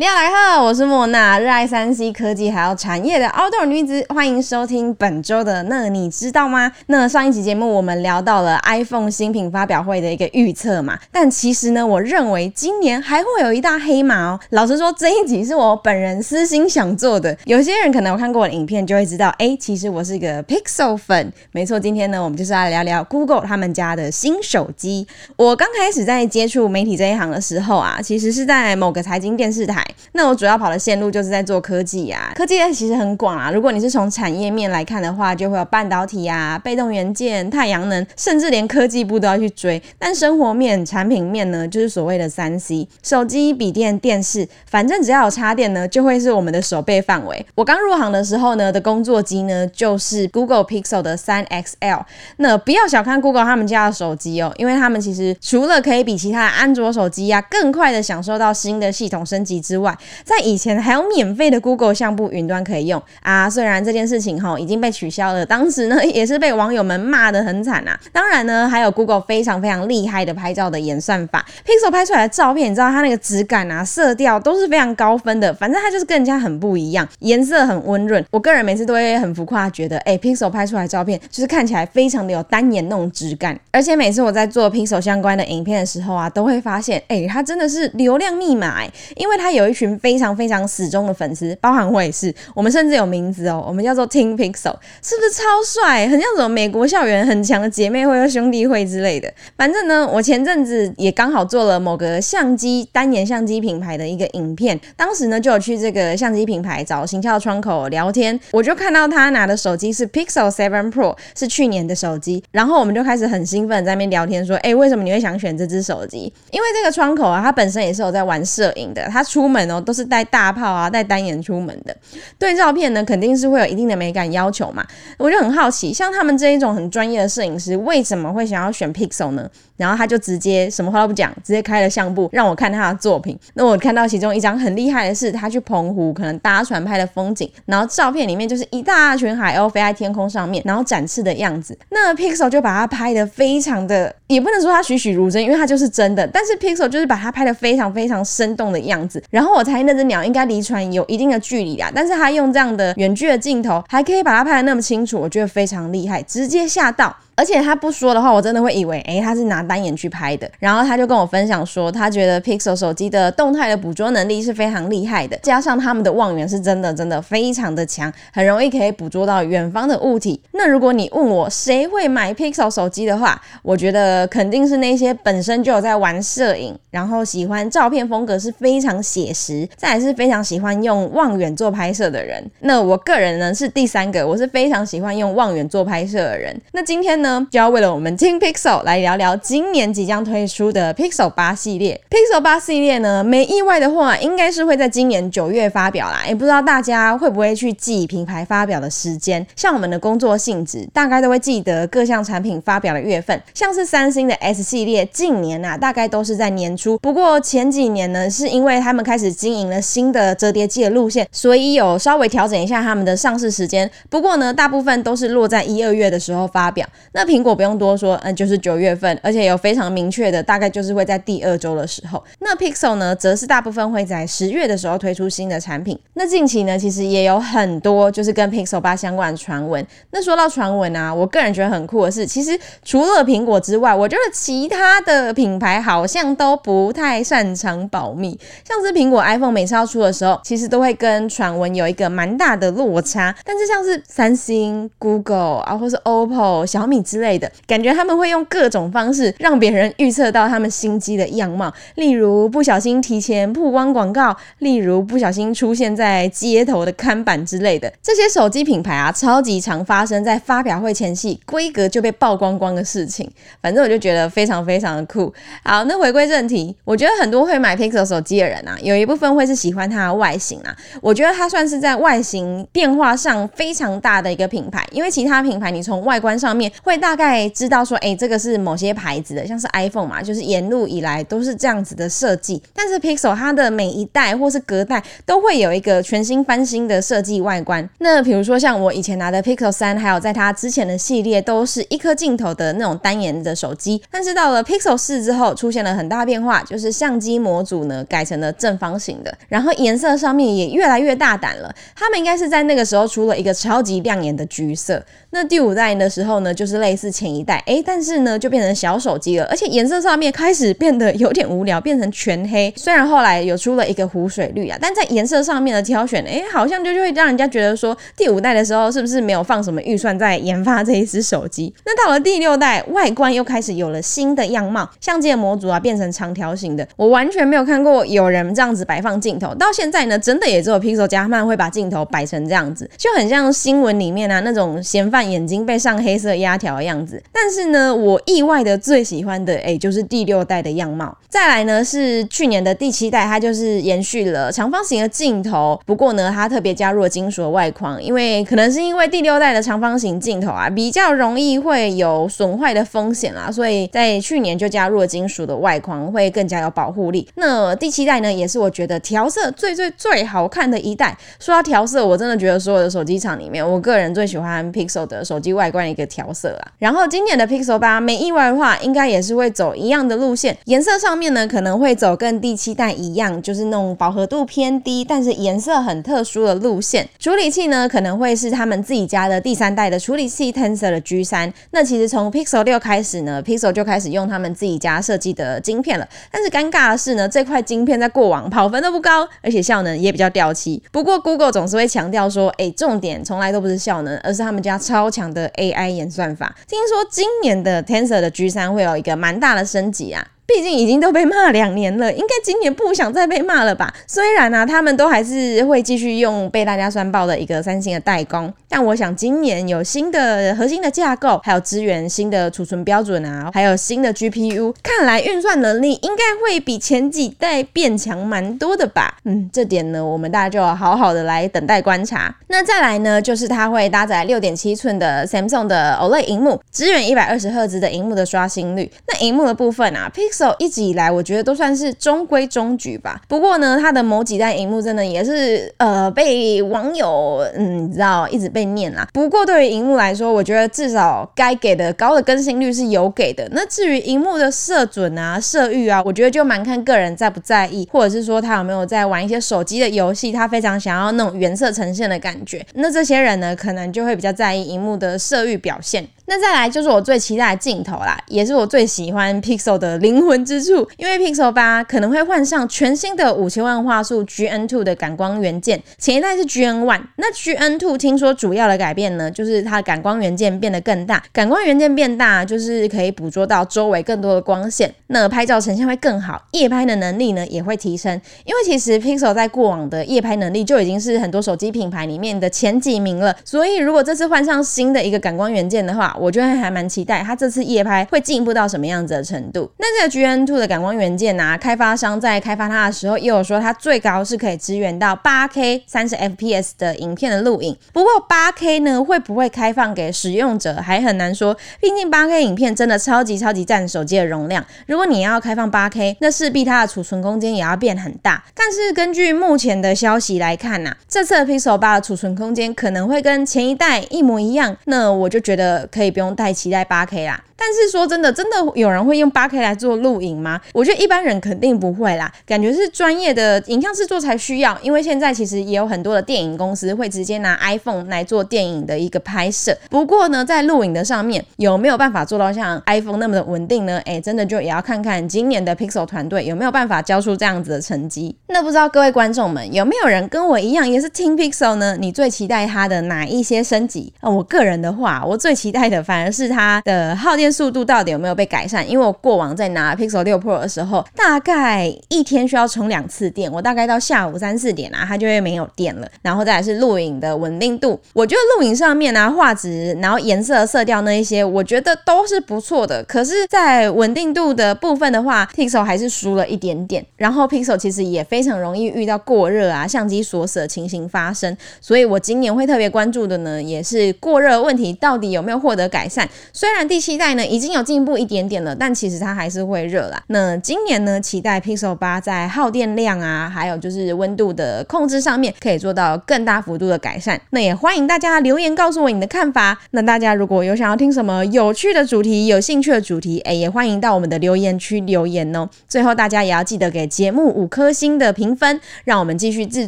你好，來我是莫娜，熱愛三 C 科技還有產業的澳洲女子，歡迎收聽本周的那你知道嗎？那上一期節目我們聊到了 iPhone 新品發表會的一個預測嘛，但其實呢，我認為今年還會有一大黑馬哦。老實說，這一集是我本人私心想做的。有些人可能有看過我的影片就會知道，哎、欸，其實我是一個 Pixel 粉。沒錯，今天呢，我們就是來聊聊 Google 他們家的新手機。我剛開始在接觸媒體這一行的時候啊，其實是在某個財經電視台。那我主要跑的線路就是在做科技啊，科技界其實很廣啊。如果你是從產業面來看的話，就會有半導體啊、被動元件、太陽能，甚至連科技部都要去追。但生活面、產品面呢，就是所謂的三 C：手機、筆電、電視。反正只要有插電呢，就會是我們的守備範圍。我剛入行的時候呢，的工作機呢就是 Google Pixel 的三 XL。那不要小看 Google 他們家的手機哦、喔，因為他們其實除了可以比其他的安卓手機啊更快的享受到新的系統升級之外，外，在以前還有免費的 Google 相簿雲端可以用啊。雖然這件事情哈已經被取消了，當時呢也是被網友們罵得很慘啊。當然呢，還有 Google 非常非常厲害的拍照的演算法，Pixel 拍出來的照片，你知道它那個質感啊、色調都是非常高分的。反正它就是跟人家很不一樣，顏色很溫潤。我個人每次都會很浮誇，覺得欸，Pixel 拍出來的照片就是看起來非常的有單眼那種質感。而且每次我在做 Pixel 相關的影片的時候啊，都會發現欸，它真的是流量密碼欸，因為它有一。一群非常非常死忠的粉絲，包含我也是。我們甚至有名字哦、喔，我們叫做 Team Pixel，是不是超帥？很像什麼美國校園很強的姐妹會或兄弟會之類的。反正呢，我前陣子也剛好做了某個相機單眼相機品牌的一個影片，當時呢就有去這個相機品牌找行銷窗口聊天，我就看到他拿的手機是 Pixel 7 Pro，是去年的手機。然後我們就開始很興奮在那邊聊天，說：“哎、欸，為什麼你會想選這支手機？”因為這個窗口啊，他本身也是有在玩攝影的，他出。門哦，都是帶大炮啊，帶單眼出門的。對照片呢，肯定是會有一定的美感要求嘛。我就很好奇，像他們這一種很專業的攝影師，為什麼會想要選 Pixel 呢？然後他就直接什麼話都不講，直接開了相簿讓我看他的作品。那我看到其中一張很厲害的是，他去澎湖可能搭船拍的風景，然後照片裡面就是一大群海鷗飛在天空上面，然後展翅的樣子。那 Pixel 就把它拍得非常的，也不能說它栩栩如生，因為它就是真的。但是 Pixel 就是把它拍得非常非常生動的樣子。然後我猜那隻鳥應該離船有一定的距離啦，但是它用這樣的遠距的鏡頭，還可以把它拍得那麼清楚，我覺得非常厲害，直接嚇到。而且他不說的話，我真的會以為，哎、欸，他是拿單眼去拍的。然後他就跟我分享說，他覺得 Pixel 手機的動態的捕捉能力是非常厲害的，加上他們的望遠是真的真的非常的強，很容易可以捕捉到遠方的物體。那如果你問我誰會買 Pixel 手機的話，我覺得肯定是那些本身就有在玩攝影，然後喜歡照片風格是非常寫實，再來是非常喜歡用望遠做拍攝的人。那我個人呢是第三個，我是非常喜歡用望遠做拍攝的人。那今天呢，就要為了我們聽 Pixel 來聊聊今年即將推出的 Pixel 八系列。Pixel 八系列呢，沒意外的話，應該是會在今年九月發表啦。也不知道大家會不會去記品牌發表的時間。像我們的工作性質，大概都會記得各項產品發表的月份。像是三星的 S 系列，近年啊，大概都是在年初。不過前幾年呢，是因為他們開始經營了新的折疊機的路線，所以有稍微調整一下他們的上市時間。不過呢，大部分都是落在一二月的時候發表。那蘋果不用多說，嗯，就是九月份，而且有非常明確的，大概就是會在第二周的時候。那 Pixel 呢，則是大部分會在十月的時候推出新的產品。那近期呢，其實也有很多就是跟 Pixel 8相關的傳聞。那說到傳聞啊，我個人覺得很酷的是，其實除了蘋果之外，我覺得其他的品牌好像都不太擅長保密。像是蘋果 iPhone 每次要出的時候，其實都會跟傳聞有一個蠻大的落差。但是像是三星、Google 啊，或是 OPPO、小米。之類的感覺，他們會用各種方式讓別人預測到他們新機的樣貌，例如不小心提前曝光廣告，例如不小心出現在街頭的看板之類的。這些手機品牌啊，超級常發生在發表會前夕，規格就被曝光光的事情。反正我就覺得非常非常的酷。好，那回歸正題，我覺得很多會買 Pixel 手機的人啊，有一部分會是喜歡它的外形啊。我覺得它算是在外形變化上非常大的一個品牌，因為其他品牌你從外觀上面會。會大概知道說，哎、欸，這個是某些牌子的，像是 iPhone 嘛，就是沿路以來都是這樣子的設計。但是 Pixel 它的每一代或是隔代都會有一個全新翻新的設計外觀。那比如說像我以前拿的 Pixel 三，還有在它之前的系列都是一顆鏡頭的那種單眼的手機。但是到了 Pixel 四之後，出現了很大變化，就是相機模組呢改成了正方形的，然後顏色上面也越來越大膽了。他們應該是在那個時候出了一個超級亮眼的橘色。那第五代的時候呢，就是。類似前一代哎、欸，但是呢，就變成小手機了，而且顏色上面開始變得有點無聊，變成全黑。雖然後來有出了一個湖水綠啊，但在顏色上面的挑選哎、欸，好像就就會讓人家覺得說第五代的時候是不是沒有放什麼預算在研發這一支手機？那到了第六代，外觀又開始有了新的樣貌，相機的模組啊變成長條形的，我完全沒有看過有人這樣子擺放鏡頭。到現在呢，真的也只有 Pixel 加曼會把鏡頭擺成這樣子，就很像新聞裡面啊那種嫌犯眼睛被上黑色壓條。小樣子，但是呢，我意外的最喜歡的誒、欸、就是第六代的樣貌。再來呢，是去年的第七代，它就是延續了長方形的鏡頭，不過呢，它特別加入了金屬的外框，因為可能是因為第六代的長方形鏡頭啊，比較容易會有損壞的風險啦，所以在去年就加入了金屬的外框，會更加有保護力。那第七代呢，也是我覺得調色最最最好看的一代。說到調色，我真的覺得所有的手機廠裡面，我個人最喜歡 Pixel 的手機外觀一個調色。然後今年的 Pixel 8沒意外的話，應該也是會走一樣的路線。顏色上面呢，可能會走跟第七代一樣，就是那種飽和度偏低，但是顏色很特殊的路線。處理器呢，可能會是他們自己家的第三代的處理器 Tensor 的 G3。那其實從 Pixel 6開始呢，Pixel 就開始用他們自己家設計的晶片了。但是尷尬的是呢，這塊晶片在過往跑分都不高，而且效能也比較掉漆。不過 Google 總是會強調說，哎、欸，重點從來都不是效能，而是他們家超強的 AI 演算法。聽說今年的 Tensor 的 G3 會有一個蠻大的升級啊。畢竟已經都被罵兩年了，應該今年不想再被罵了吧？雖然呢、啊，他們都還是會繼續用被大家酸爆的一個三星的代工，但我想今年有新的核心的架構，還有支援新的儲存標準啊，還有新的 GPU，看來運算能力應該會比前幾代變強蠻多的吧？嗯，這點呢，我們大家就好好的來等待觀察。那再來呢，就是它會搭載六點七寸的 Samsung 的 OLED 螢幕，支援一百二十赫茲的熒幕的刷新率。那熒幕的部分啊，Pixel。一直以來，我覺得都算是中規中矩吧。不過呢，他的某幾代熒幕真的也是呃被網友嗯，你知道一直被念啦。不過對於熒幕來說，我覺得至少該給的高的更新率是有給的。那至於熒幕的色準啊、色域啊，我覺得就蠻看個人在不在意，或者是說他有沒有在玩一些手機的遊戲，他非常想要那種原色呈現的感覺。那這些人呢，可能就會比較在意熒幕的色域表現。那再來就是我最期待的鏡頭啦，也是我最喜歡 Pixel 的靈魂之處。因為 Pixel 八可能會換上全新的五千萬畫素 GN2 的感光元件，前一代是 GN1。那 GN2 聽說主要的改變呢，就是它的感光元件變得更大。感光元件變大，就是可以捕捉到周圍更多的光線，那拍照呈現會更好，夜拍的能力呢也會提升。因為其實 Pixel 在過往的夜拍能力就已經是很多手機品牌裡面的前幾名了，所以如果這次換上新的一個感光元件的話，我就會還蠻期待它這次夜拍會進一步到什麼樣子的程度。那這個 GN2 的感光元件吶、啊，開發商在開發它的時候也有說，它最高是可以支援到 8K 30fps 的影片的錄影。不過 8K 呢，會不會開放給使用者還很難說。畢竟 8K 影片真的超級超級佔手機的容量。如果你要開放 8K，那勢必它的儲存空間也要變很大。但是根據目前的消息來看吶、啊，這次的 Pixel 8的儲存空間可能會跟前一代一模一樣。那我就覺得可以。也不用太期待 8K 啦。但是說真的，真的有人會用 8K 來做錄影嗎？我覺得一般人肯定不會啦，感覺是專業的影像制作才需要。因為現在其實也有很多的電影公司會直接拿 iPhone 來做電影的一個拍攝。不過呢，在錄影的上面有沒有辦法做到像 iPhone 那麼的穩定呢？哎、欸，真的就也要看看今年的 Pixel 團隊有沒有辦法交出這樣子的成績。那不知道各位觀眾們有沒有人跟我一樣也是 Team Pixel 呢？你最期待它的哪一些升級？嗯，我個人的話，我最期待的反而是它的耗電。速度到底有沒有被改善？因為我過往在拿 Pixel 6 Pro 的時候，大概一天需要充兩次電，我大概到下午三四點啊，它就會沒有電了。然後再來是錄影的穩定度，我覺得錄影上面啊畫質，然後顏色、色調那一些，我覺得都是不錯的。可是，在穩定度的部分的話，Pixel 還是輸了一點點。然後 Pixel 其實也非常容易遇到過熱啊，相機鎖死的情形發生。所以我今年會特別關注的呢，也是過熱問題到底有沒有獲得改善。雖然第七代呢。已經有進步一點點了，但其實它還是會熱啦。那今年呢？期待 Pixel 8在耗電量啊，還有就是溫度的控制上面，可以做到更大幅度的改善。那也歡迎大家留言告訴我你的看法。那大家如果有想要聽什麼有趣的主題、有興趣的主題，哎，也歡迎到我們的留言區留言哦、喔。最後，大家也要記得給節目五顆星的評分，讓我們繼續製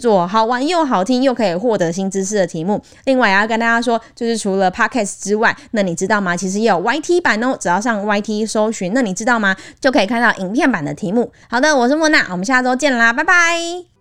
作好玩又好聽又可以獲得新知識的題目。另外，要跟大家說，就是除了 Podcast 之外，那你知道嗎？其實也有 YT 版。那我只要上 YT 搜尋，那你知道嗎？就可以看到影片版的題目。好的，我是莫娜，我們下周見了啦，拜拜。